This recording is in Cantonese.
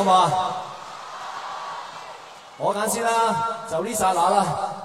好嘛，我揀先啦，就呢剎那啦。